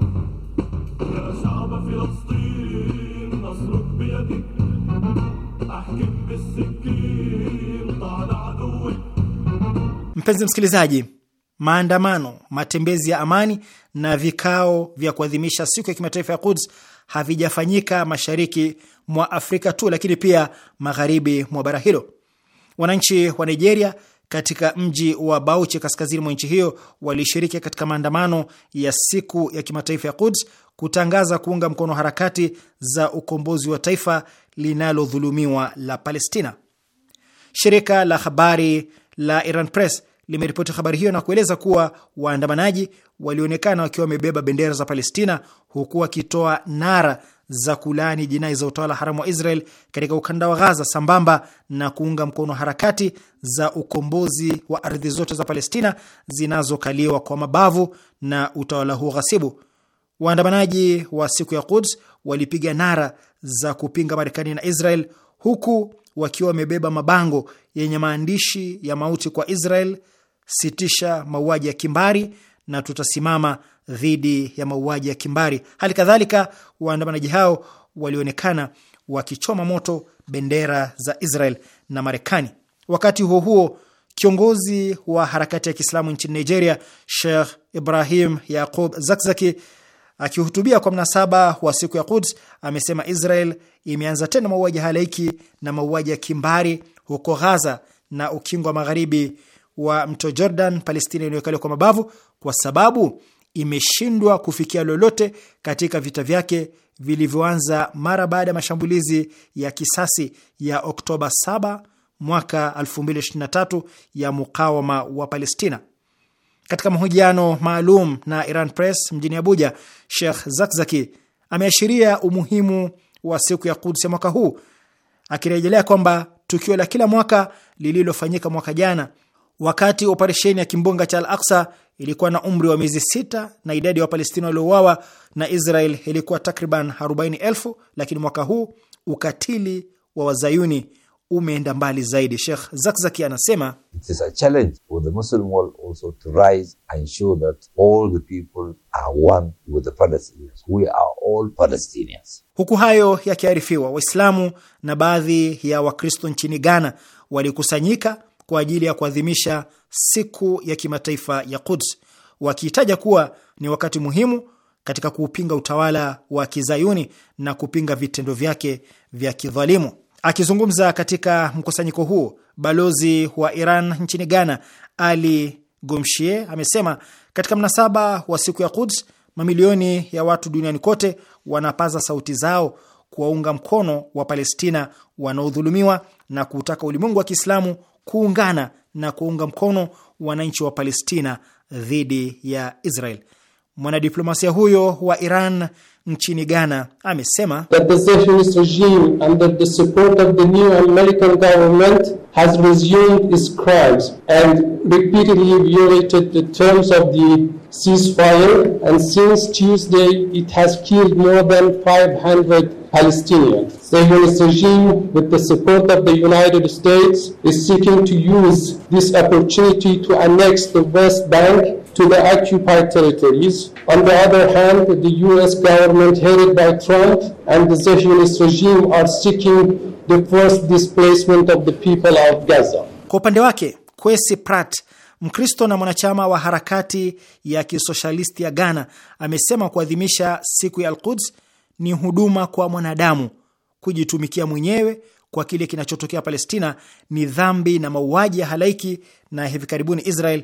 [SPEAKER 4] Mpenzi msikilizaji maandamano, matembezi ya amani na vikao vya kuadhimisha siku ya kimataifa ya Quds havijafanyika mashariki mwa Afrika tu, lakini pia magharibi mwa bara hilo. Wananchi wa Nigeria katika mji wa Bauchi kaskazini mwa nchi hiyo walishiriki katika maandamano ya siku ya kimataifa ya Quds kutangaza kuunga mkono harakati za ukombozi wa taifa linalodhulumiwa la Palestina. Shirika la habari la Iran Press limeripoti habari hiyo na kueleza kuwa waandamanaji walionekana wakiwa wamebeba bendera za Palestina huku wakitoa nara za kulaani jinai za utawala haramu wa Israel katika ukanda wa Gaza sambamba na kuunga mkono harakati za ukombozi wa ardhi zote za Palestina zinazokaliwa kwa mabavu na utawala huo ghasibu. Waandamanaji wa siku ya Quds walipiga nara za kupinga Marekani na Israel huku wakiwa wamebeba mabango yenye maandishi ya mauti kwa Israel, sitisha mauaji ya kimbari na tutasimama dhidi ya mauaji ya kimbari. Hali kadhalika, waandamanaji hao walionekana wakichoma moto bendera za Israel na Marekani. Wakati huo huo, kiongozi wa harakati ya Kiislamu nchini Nigeria, Sheikh Ibrahim Yaqub Zakzaki, akihutubia kwa mnasaba wa siku ya Quds, amesema Israel imeanza tena mauaji halaiki na mauaji ya kimbari huko Ghaza na Ukingo wa Magharibi wa mto Jordan, Palestina inayokaliwa kwa mabavu, kwa sababu imeshindwa kufikia lolote katika vita vyake vilivyoanza mara baada ya mashambulizi ya kisasi ya Oktoba 7 mwaka 2023 ya mukawama wa Palestina. Katika mahojiano maalum na Iran Press mjini Abuja, Sheikh Zakzaki ameashiria umuhimu wa siku ya Quds ya mwaka huu akirejelea kwamba tukio la kila mwaka lililofanyika mwaka jana Wakati operesheni ya kimbunga cha Al Aksa ilikuwa na umri wa miezi sita na idadi ya wa Wapalestina waliouawa na Israel ilikuwa takriban 40,000 lakini mwaka huu ukatili wa wazayuni umeenda mbali zaidi. Sheikh Zakzaki anasema huku hayo yakiarifiwa, Waislamu na baadhi ya Wakristo nchini Ghana walikusanyika kwa ajili ya kuadhimisha siku ya kimataifa ya Quds, wakiitaja kuwa ni wakati muhimu katika kuupinga utawala wa kizayuni na kupinga vitendo vyake vya kidhalimu. Akizungumza katika mkusanyiko huu, balozi wa Iran nchini Ghana Ali Gomshie amesema katika mnasaba wa siku ya Quds, mamilioni ya watu duniani kote wanapaza sauti zao kuwaunga mkono wa Palestina wanaodhulumiwa na kuutaka ulimwengu wa Kiislamu kuungana na kuunga mkono wananchi wa Palestina dhidi ya Israel. Mwanadiplomasia huyo wa Iran nchini Ghana amesema that the Zionist regime
[SPEAKER 9] under the support of the new American government has resumed its crimes and repeatedly violated the terms of the ceasefire and since Tuesday it has killed more than 500 Palestinians. The Zionist regime, with the support of the United States, is seeking to use this opportunity to annex the West Bank to the occupied territories. On the other hand, the US government, headed by Trump and the Zionist regime,
[SPEAKER 4] are seeking the forced displacement
[SPEAKER 9] of the people of Gaza. Kwa
[SPEAKER 4] upande wake, Kwesi Pratt, Mkristo na mwanachama wa harakati ya kisoshalisti ya Ghana, amesema kuadhimisha siku ya Al-Quds ni huduma kwa mwanadamu. Kujitumikia mwenyewe kwa kile kinachotokea Palestina ni dhambi na mauaji ya halaiki, na hivi karibuni Israel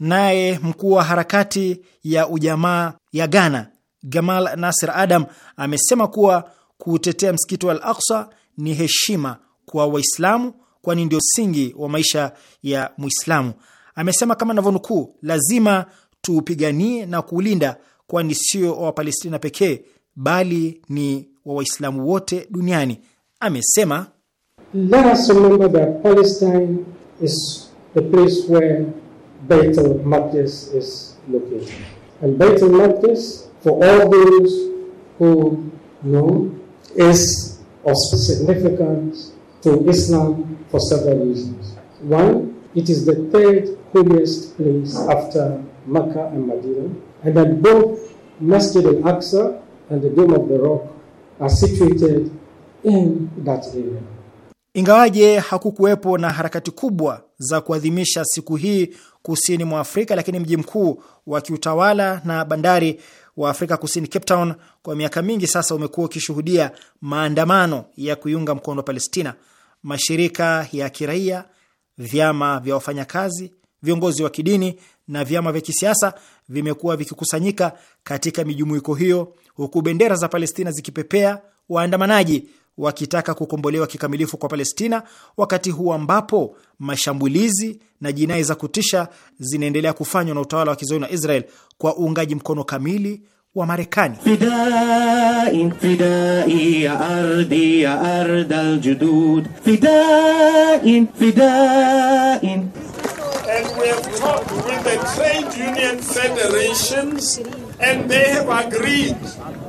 [SPEAKER 4] Naye mkuu wa harakati ya ujamaa ya Ghana, Gamal Nasir Adam, amesema kuwa kutetea msikiti wa Al Aksa ni heshima kwa Waislamu, kwani ndio msingi wa maisha ya Mwislamu. Amesema kama navyonukuu, lazima tuupiganie na kuulinda, kwani sio wa Wapalestina pekee bali ni wa Waislamu wote duniani. Amesema
[SPEAKER 9] Let us Beit
[SPEAKER 4] al-Maqdis is located.
[SPEAKER 9] And Beit al-Maqdis, for all those who know, is of significance to Islam for several reasons. One,
[SPEAKER 3] it is the third holiest place after Mecca and Medina, and that both Masjid al-Aqsa and the Dome of the Rock are situated
[SPEAKER 4] in that area. Ingawaje hakukuwepo na harakati kubwa za kuadhimisha siku hii kusini mwa Afrika, lakini mji mkuu wa kiutawala na bandari wa Afrika Kusini, Cape Town, kwa miaka mingi sasa umekuwa ukishuhudia maandamano ya kuiunga mkono wa Palestina. Mashirika ya kiraia, vyama vya wafanyakazi, viongozi wa kidini na vyama vya kisiasa vimekuwa vikikusanyika katika mijumuiko hiyo, huku bendera za Palestina zikipepea, waandamanaji wakitaka kukombolewa kikamilifu kwa Palestina, wakati huu ambapo mashambulizi na jinai za kutisha zinaendelea kufanywa na utawala wa kizayuni wa Israel kwa uungaji mkono kamili wa Marekani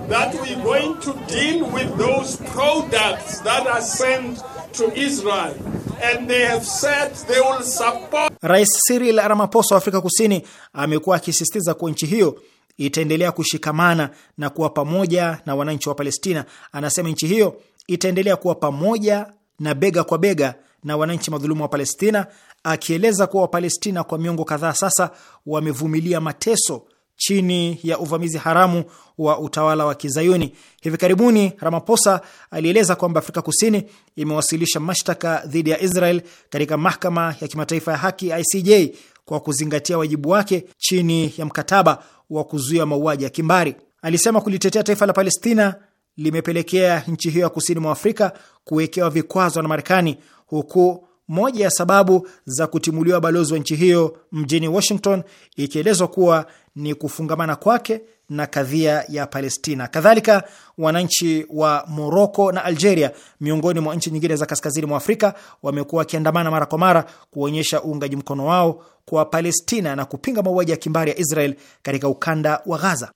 [SPEAKER 5] that we're going to deal with those products that are sent to Israel. And they have said they will support.
[SPEAKER 4] Rais Cyril Ramaphosa wa Afrika Kusini amekuwa akisisitiza kuwa nchi hiyo itaendelea kushikamana na kuwa pamoja na wananchi wa Palestina. Anasema nchi hiyo itaendelea kuwa pamoja na bega kwa bega na wananchi madhulumu wa Palestina, akieleza kuwa Wapalestina kwa miongo kadhaa sasa wamevumilia mateso chini ya uvamizi haramu wa utawala wa Kizayuni. Hivi karibuni, Ramaphosa alieleza kwamba Afrika Kusini imewasilisha mashtaka dhidi ya Israel katika mahakama ya kimataifa ya haki ICJ kwa kuzingatia wajibu wake chini ya mkataba wa kuzuia mauaji ya kimbari. Alisema kulitetea taifa la Palestina limepelekea nchi hiyo ya kusini mwa Afrika kuwekewa vikwazo na Marekani, huku moja ya sababu za kutimuliwa balozi wa nchi hiyo mjini Washington ikielezwa kuwa ni kufungamana kwake na kadhia ya Palestina. Kadhalika, wananchi wa Moroko na Algeria, miongoni mwa nchi nyingine za kaskazini mwa Afrika, wamekuwa wakiandamana mara kwa mara kuonyesha uungaji mkono wao kwa Palestina na kupinga mauaji ya kimbari ya Israel katika ukanda wa Gaza.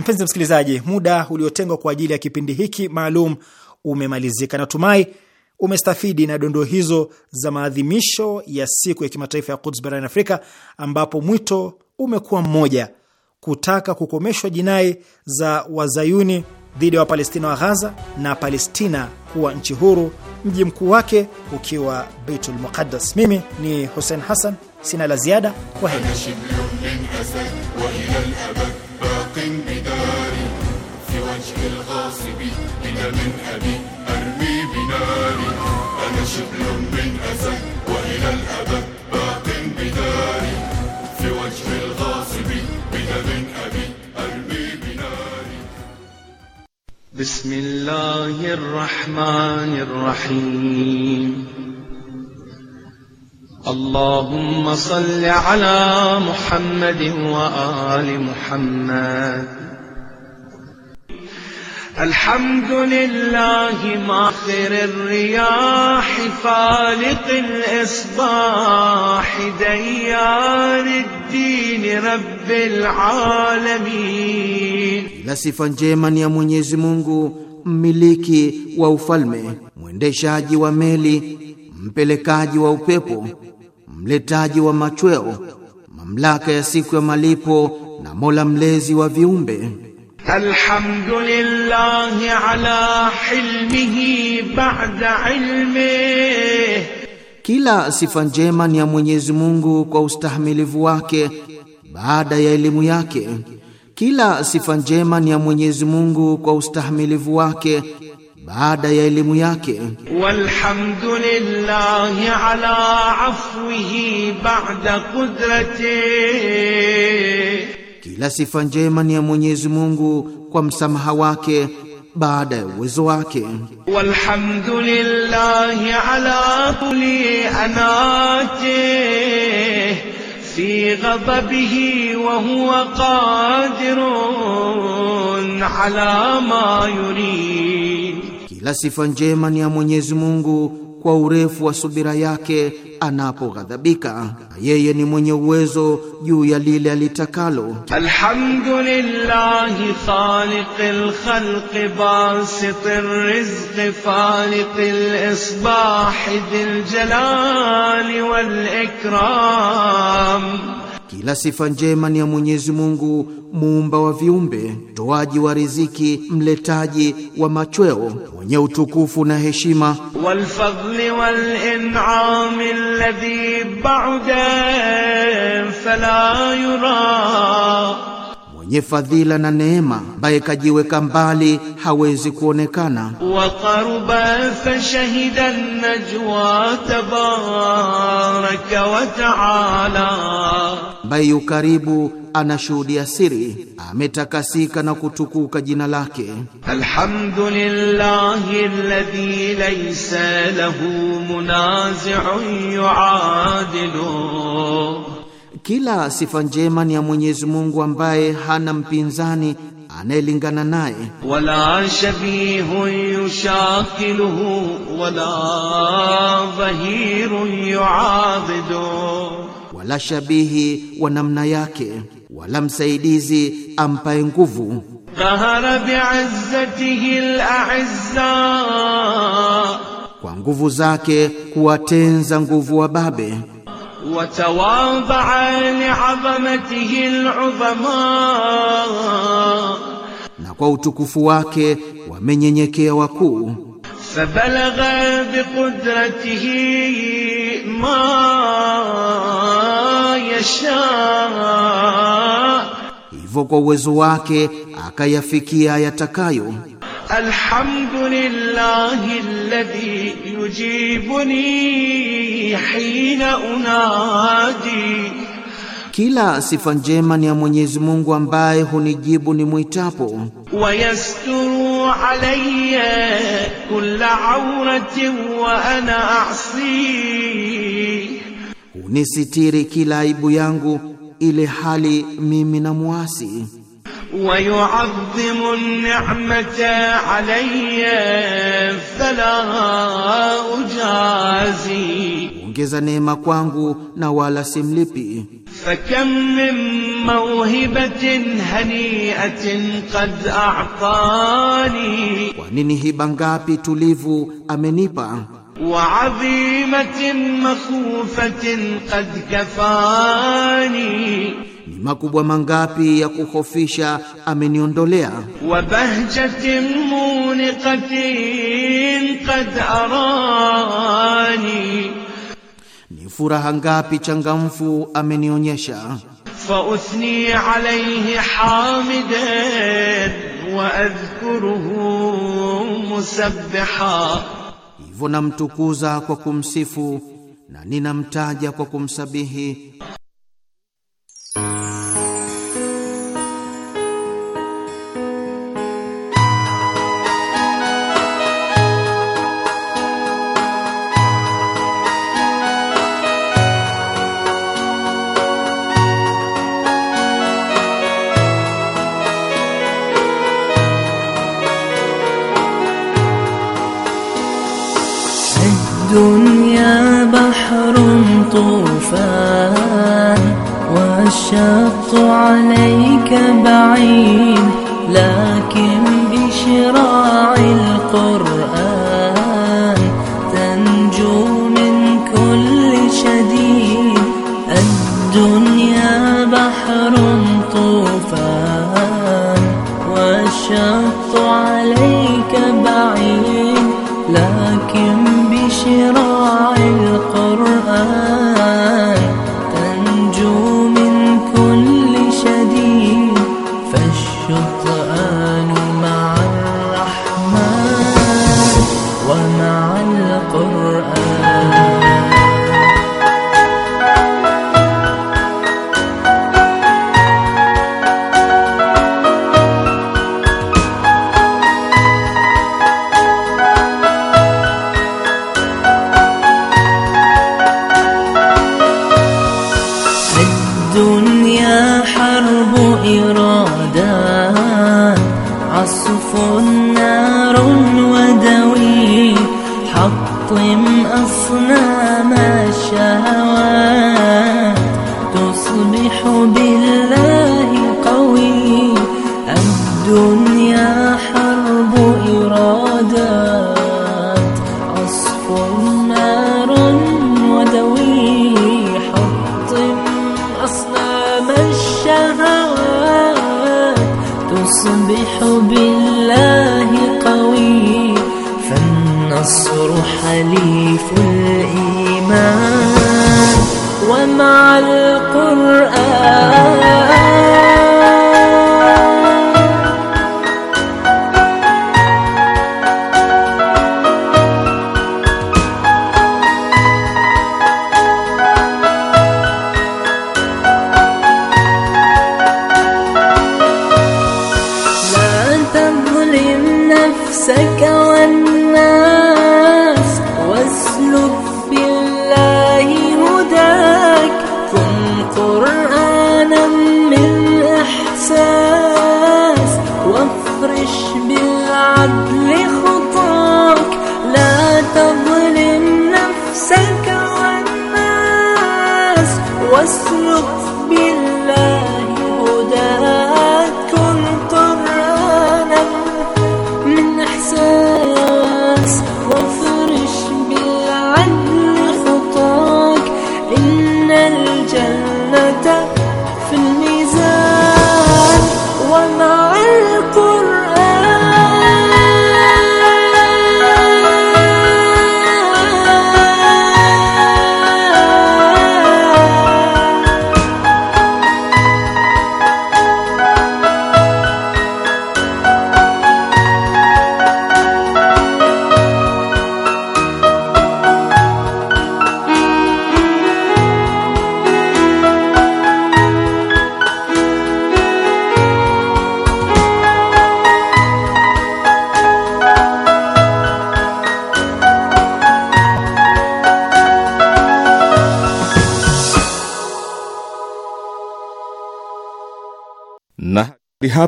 [SPEAKER 4] Mpenzi msikilizaji, muda uliotengwa kwa ajili ya kipindi hiki maalum umemalizika. Natumai umestafidi na dondoo hizo za maadhimisho ya siku ya kimataifa ya Quds barani Afrika, ambapo mwito umekuwa mmoja, kutaka kukomeshwa jinai za wazayuni dhidi ya Wapalestina wa Ghaza na Palestina kuwa nchi huru, mji mkuu wake ukiwa Beitul Muqaddas. Mimi ni Hussein Hassan, sina la ziada.
[SPEAKER 10] Kwaheri. حاسبي بنا أبي أرمي بناري أنا شبل من أسد وإلى الأبد باق بداري
[SPEAKER 11] في وجه الغاصب بنا من أبي أرمي بناري بسم الله الرحمن الرحيم اللهم صل على محمد وآل محمد الحمد لله ماخر الرياح فالق الإصباح
[SPEAKER 1] ديار الدين رب العالمين ila sifa njema ni ya Mwenyezi Mungu mmiliki wa ufalme mwendeshaji wa meli mpelekaji wa upepo mletaji wa machweo mamlaka ya siku ya malipo na mola mlezi wa viumbe
[SPEAKER 11] الحمد لله على حلمه بعد علمه
[SPEAKER 1] kila sifa njema ni ya Mwenyezi Mungu kwa ustahimilivu wake baada ya elimu yake. Kila sifa njema ni ya Mwenyezi Mungu kwa ustahimilivu wake baada ya elimu yake.
[SPEAKER 11] Walhamdulillahi ala
[SPEAKER 1] afwihi ba'da qudratihi kila sifa njema ni ya Mwenyezi Mungu kwa msamaha wake baada ya uwezo wake.
[SPEAKER 11] Walhamdulillahi ala kulli anati fi ghadabihi wa huwa qadirun ala ma yurid.
[SPEAKER 1] Kila sifa njema ni ya Mwenyezi Mungu kwa urefu wa subira yake anapoghadhabika. Yeye ni mwenye uwezo juu ya lile alitakalo.
[SPEAKER 11] Alhamdulillahi khaliqil khalqi basitir rizqi faliqil isbahi dhil jalali wal
[SPEAKER 1] ikram Kila sifa njema ni ya Mwenyezi Mungu, muumba wa viumbe, toaji wa riziki, mletaji wa machweo, mwenye utukufu na heshima.
[SPEAKER 11] wal fadli wal in'am alladhi ba'da fala yura
[SPEAKER 1] mwenye fadhila na neema, ambaye kajiweka mbali hawezi kuonekana.
[SPEAKER 11] wa qaruba fa shahida najwa tabaraka wa taala,
[SPEAKER 1] ambaye yu karibu anashuhudia siri, ametakasika na kutukuka jina lake. Alhamdulillahi
[SPEAKER 11] alladhi laysa lahu munazi'un
[SPEAKER 1] yu'adilu kila sifa njema ni ya Mwenyezi Mungu ambaye hana mpinzani anayelingana naye.
[SPEAKER 11] wala shabihu
[SPEAKER 1] yushakiluhu wala dhahiru yuadidu, wala shabihi wa namna yake, wala msaidizi ampae nguvu.
[SPEAKER 11] qahara bi'izzatihi al-a'izza,
[SPEAKER 1] kwa nguvu zake kuwatenza nguvu wa babe وتواضع لعظمته العظماء na kwa utukufu wake wamenyenyekea wakuu
[SPEAKER 11] fabalagha biqudratihi ma
[SPEAKER 1] yasha hivyo kwa uwezo wake akayafikia yatakayo
[SPEAKER 11] الحمد لله الذي يجيبني حين unadi,
[SPEAKER 1] kila sifa njema ni ya Mwenyezi Mungu ambaye hunijibu ni mwitapo.
[SPEAKER 11] wayasturu alayya kulla awrati wa ana
[SPEAKER 1] asi, hunisitiri kila aibu yangu ile hali mimi na muasi
[SPEAKER 11] ويعظم النعمة علي فلا أجازي
[SPEAKER 1] ongeza neema kwangu na wala simlipi.
[SPEAKER 11] fakam min mawhibatin haniatin qad a'tani, kwa
[SPEAKER 1] nini hiba ngapi tulivu amenipa.
[SPEAKER 11] وعظيمة مخوفة
[SPEAKER 1] قد كفاني ni makubwa mangapi ya kuhofisha ameniondolea.
[SPEAKER 11] wa bahjatin muniqatin qad arani,
[SPEAKER 1] ni furaha ngapi changamfu amenionyesha.
[SPEAKER 11] fa uthni alayhi
[SPEAKER 1] hamidan wa adhkuruhu musabbiha namtukuza kwa kumsifu na ninamtaja kwa kumsabihi.
[SPEAKER 12] طوفان والشق عليك بعيد لكن بشراع القلب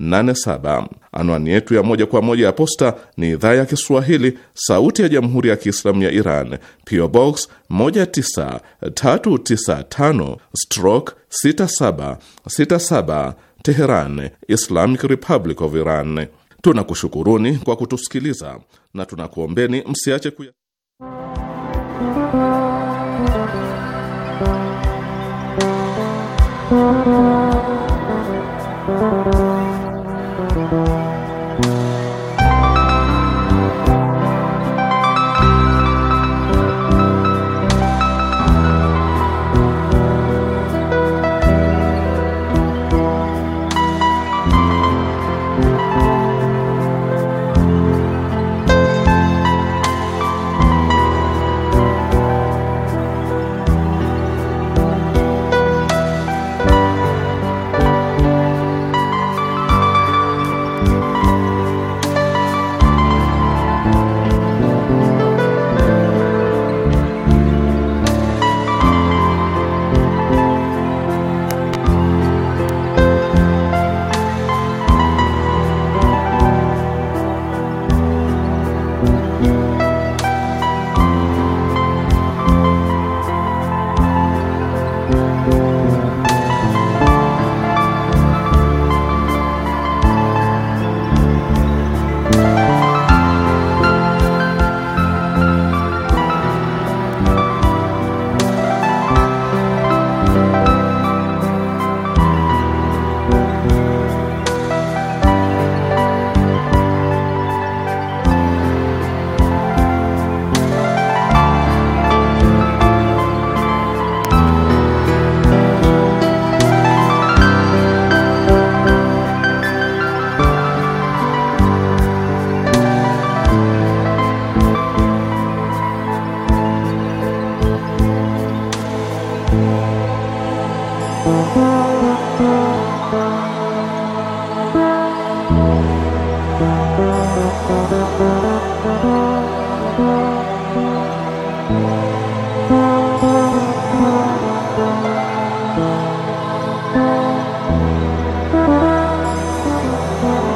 [SPEAKER 5] 87. Anwani yetu ya moja kwa moja ya posta ni idhaa ya Kiswahili, sauti ya jamhuri ya kiislamu ya Iran, PO Box 19395 stroke 6767 Teheran, Islamic Republic of Iran. Tunakushukuruni kwa kutusikiliza na tunakuombeni msiache kuya